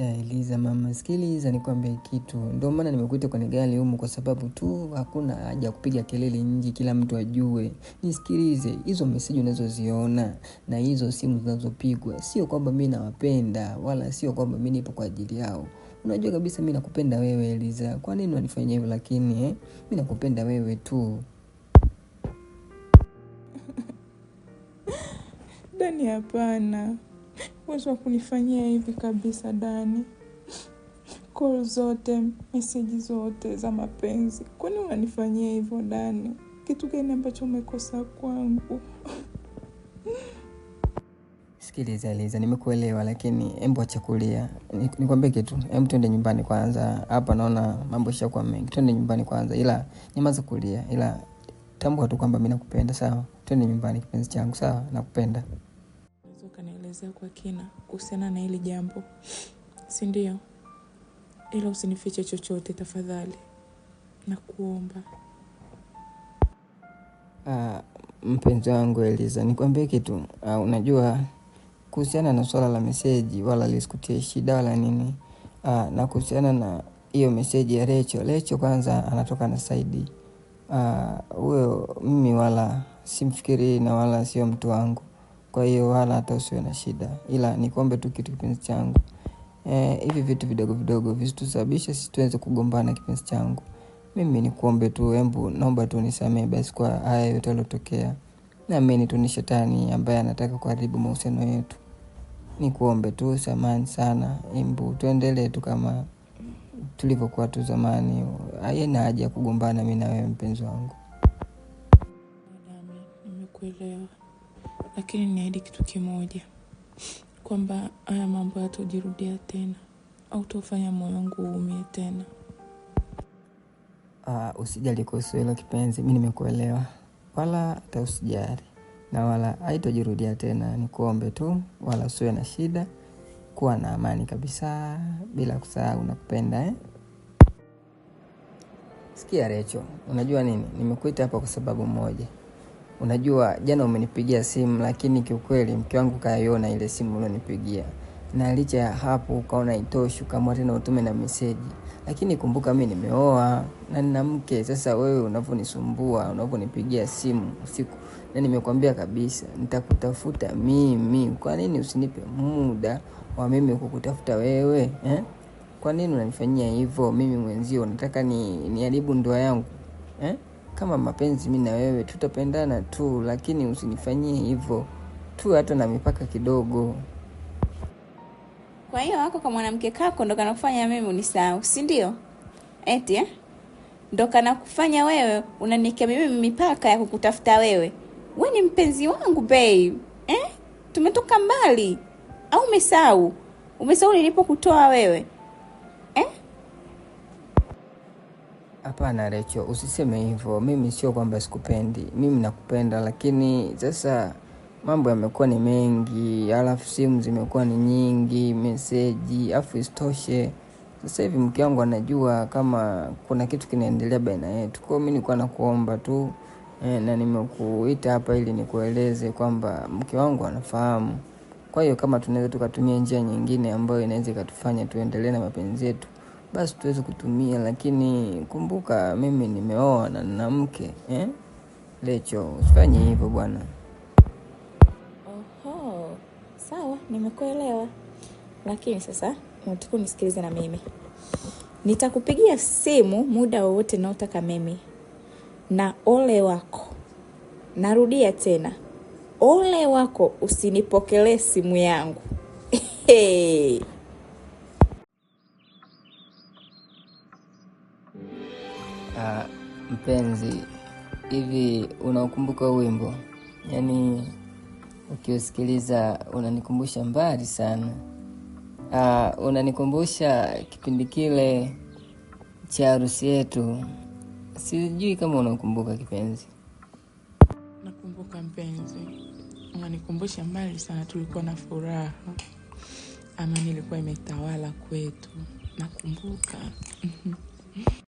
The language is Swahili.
Eliza, Eliza mama, sikiliza nikwambie kitu. Ndio maana nimekuita kwenye gari humu, kwa sababu tu hakuna haja ya kupiga kelele nyingi, kila mtu ajue. Nisikilize, hizo meseji unazoziona na hizo simu zinazopigwa, sio kwamba mi nawapenda, wala sio kwamba mi nipo kwa ajili yao. Unajua kabisa mi nakupenda wewe Eliza, kwa nini unanifanyia hivyo? Lakini eh, mi nakupenda wewe tu. Dani, hapana uwezo wa kunifanyia hivi kabisa Dani. kol zote, meseji zote za mapenzi, kwani unanifanyia hivyo Dani? Kitu gani ambacho umekosa kwangu? Sikiliza liza nimekuelewa lakini embo achakulia nikwambie ni kitu. Em, twende nyumbani kwanza, hapa naona mambo ishakuwa mengi. Twende nyumbani kwanza, ila nyamaza kulia, ila tambua tu kwamba mi nakupenda sawa. Twende nyumbani kipenzi changu, sawa, nakupenda kuelezea kwa kina kuhusiana na hili jambo, si ndio? Ila usinifiche chochote tafadhali, kuomba Ah, mpenzi wangu Eliza, nikwambie kitu. Ah, unajua kuhusiana na swala la meseji, wala lisikutie shida wala nini. Ah, na kuhusiana na hiyo meseji ya Recho, Recho kwanza anatoka na Saidi ah, huyo. Ah, mimi wala simfikiri na wala sio mtu wangu kwa hiyo wala hata usiwe na shida, ila nikuombe tu kitu kipenzi changu e, hivi e, vitu vidogo vidogo visitusababishe sisi tuweze kugombana kipenzi changu. Mimi nikuombe tu, hebu naomba tu nisamehe basi kwa haya yote yalotokea. Naamini tu ni shetani ambaye anataka kuharibu mahusiano yetu. Nikuombe tu samani sana, embu tuendelee tu kama tulivyokuwa tu zamani. aina haja ya kugombana mi nawewe mpenzi wangu lakini niahidi kitu kimoja, kwamba haya mambo yatojirudia tena au tofanya moyo wangu uumie tena. Uh, usijali kuhusu hilo kipenzi, mi nimekuelewa, wala hata usijari na wala haitojirudia tena. Ni kuombe tu, wala usiwe na shida, kuwa na amani kabisa, bila kusahau nakupenda eh? Sikia Recho, unajua nini, nimekuita hapa kwa sababu moja unajua jana umenipigia simu, lakini kiukweli mke wangu kaiona ile simu ulionipigia, na licha ya hapo ukaona itoshi, ukaamua tena utume na meseji. Lakini kumbuka mi nimeoa na nina mke. Sasa wewe unavyonisumbua, unavyonipigia simu usiku, na nimekwambia kabisa nitakutafuta mimi, kwa nini usinipe muda wa mimi kukutafuta wewe eh? Kwa nini unanifanyia hivyo mimi mwenzio? nataka ni niharibu ndoa yangu eh? Kama mapenzi mi na wewe tutapendana tu, lakini usinifanyie hivyo tu, hata na mipaka kidogo. Kwa hiyo wako kwa mwanamke kako ndo kanakufanya mimi unisahau, si ndio? Eti eh? Ndo kanakufanya wewe unanikia mimi mipaka ya kukutafuta wewe. We ni mpenzi wangu bei eh? Tumetoka mbali au umesahau? Umesahau nilipokutoa wewe Hapana Recho, usiseme hivyo. Mimi sio kwamba sikupendi, mimi nakupenda, lakini sasa mambo yamekuwa ni mengi, alafu simu zimekuwa ni nyingi, meseji, alafu isitoshe sasa hivi mke wangu anajua kama kuna kitu kinaendelea baina yetu. kwao hiyo mimi nilikuwa nakuomba tu e, na nimekuita hapa ili nikueleze kwamba mke wangu anafahamu. Kwa hiyo kama tunaweza tukatumia njia nyingine ambayo inaweza ikatufanya tuendelee na mapenzi yetu basi tuweze kutumia, lakini kumbuka mimi nimeoa na nina mke eh? Lecho, usifanye hivyo bwana. Oho, sawa, nimekuelewa, lakini sasa unatakiwa nisikilize na mimi. Nitakupigia simu muda wowote naotaka mimi, na ole wako, narudia tena, ole wako usinipokelee simu yangu. Ah, mpenzi, hivi unaokumbuka wimbo? Yaani ukiusikiliza unanikumbusha mbali sana. Uh, unanikumbusha kipindi kile cha harusi yetu. Sijui kama unakumbuka kipenzi. Nakumbuka mpenzi, unanikumbusha mbali sana. Tulikuwa na furaha, amani ilikuwa imetawala kwetu. Nakumbuka